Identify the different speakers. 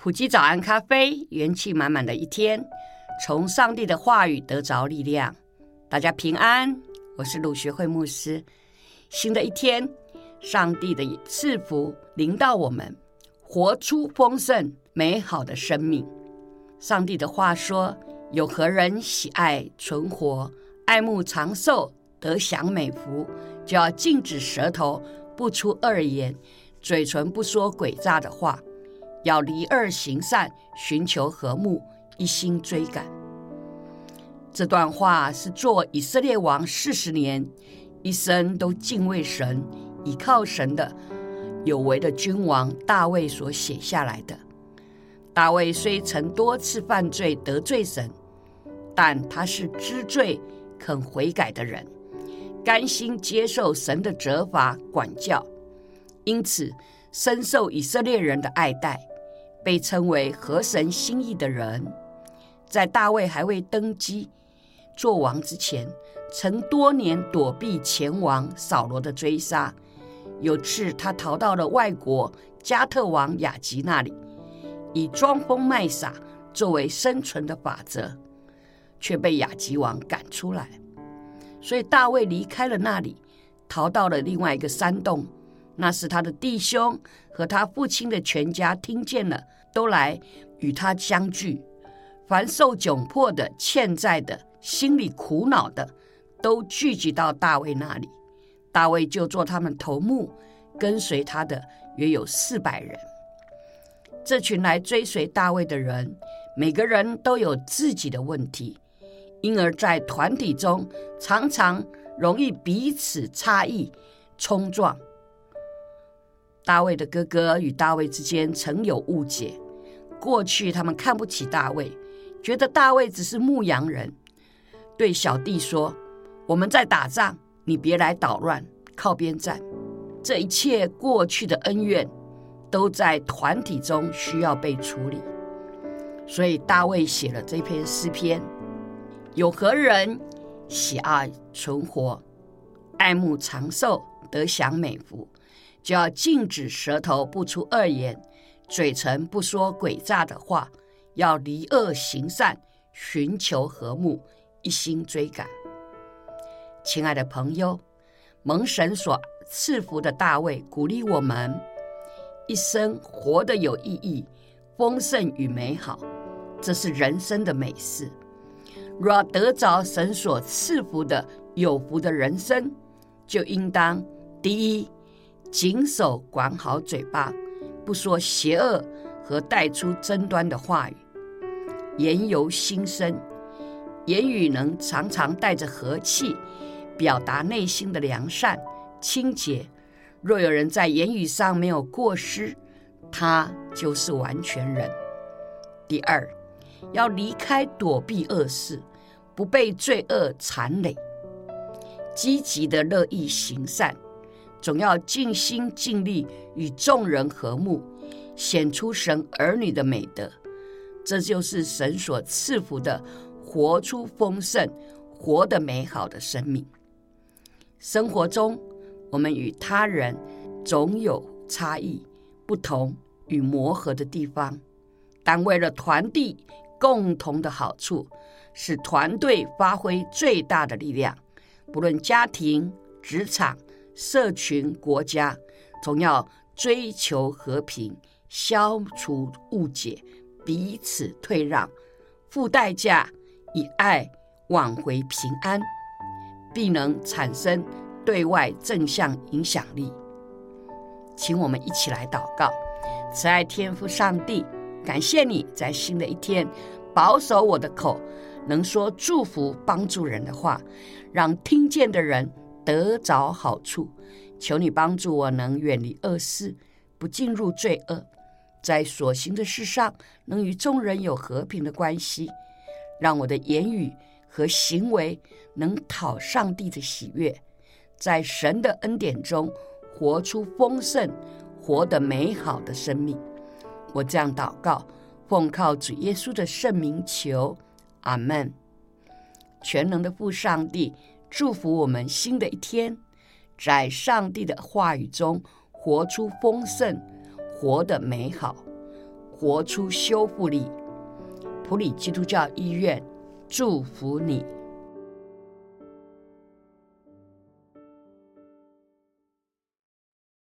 Speaker 1: 普及早安咖啡，元氣滿滿的一天，從上帝的話語得着力量。大家平安，我是魯學會牧師。新的一天，上帝的賜福臨到我們，活出豐盛美好的生命。上帝的話說：“有何人喜愛存活，愛慕長壽，得享美福，就要禁止舌頭不出二言，嘴唇不說詭詐的話。”要離惡行善，尋求和睦，一心追趕。這段話是做以色列王四十年，一生都敬畏神、倚靠神的有為的君王大衛所寫下來的。大衛雖曾多次犯罪得罪神，但他是知罪、肯悔改的人，甘心接受神的責罰管教，因此深受以色列人的愛戴。被稱為“合神心意”的人，在大衛還未登基做王之前，曾多年躲避前王掃羅的追殺。有次他逃到了外國加特王雅吉那裡，以裝瘋賣傻作為生存的法則，卻被雅吉王趕出來。所以大衛離開了那裡，逃到了另外一個山洞。那是他的弟兄和他父親的全家聽見了，都來與他相聚。凡受窘迫的，欠債的，心裡苦惱的，都聚集到大衛那裡。大衛就做他們頭目，跟隨他的約有四百人。這群來追隨大衛的人，每個人都有自己的問題，因而，在團體中常常容易彼此差異、衝撞。大衛的哥哥與大衛之間曾有誤解，過去他們看不起大衛，覺得大衛只是牧羊人。對小弟說：“我們在打仗，你別來搗亂，靠邊站。”這一切過去的恩怨，都在團體中需要被處理。所以大衛寫了這篇詩篇：“有何人喜愛存活，愛慕長壽，得享美福？”就要禁止舌頭不出惡言，嘴唇不說詭詐的話，要離惡行善，尋求和睦，一心追趕。親愛的朋友，蒙神所賜福的大衛鼓勵我們，一生活得有意義、豐盛與美好，這是人生的美事。若得着神所賜福的有福的人生，就應當第一。謹守管好嘴巴，不說邪惡和帶出爭端的話語。言由心生，言語能常常帶着和氣，表達內心的良善、清潔。若有人在言語上沒有過失，他就是完全人。第二，要離開躲避惡事，不被罪惡纏累，積極的樂意行善。總要盡心盡力與眾人和睦，顯出神兒女的美德。這就是神所賜福的，活出豐盛、活得美好的生命。生活中，我們與他人總有差異、不同與磨合的地方，但為了團體共同的好處，使團隊發揮最大的力量，不論家庭、職場。社群國家總要追求和平，消除誤解，彼此退讓，付代價以愛挽回平安，必能產生對外正向影響力。請我們一起來禱告：慈愛天父上帝，感謝你在新的一天保守我的口，能說祝福幫助人的話，讓聽見的人。得着好處，求你幫助我，能遠離惡事，不進入罪惡，在所行的事上能與眾人有和平的關係，讓我的言語和行為能討上帝的喜悅，在神的恩典中活出豐盛、活得美好的生命。我這樣禱告，奉靠主耶穌的聖名求，阿門。全能的父上帝。祝福我們新的一天，在上帝的話語中活出豐盛，活得美好，活出修復力。埔里基督教醫院祝福你。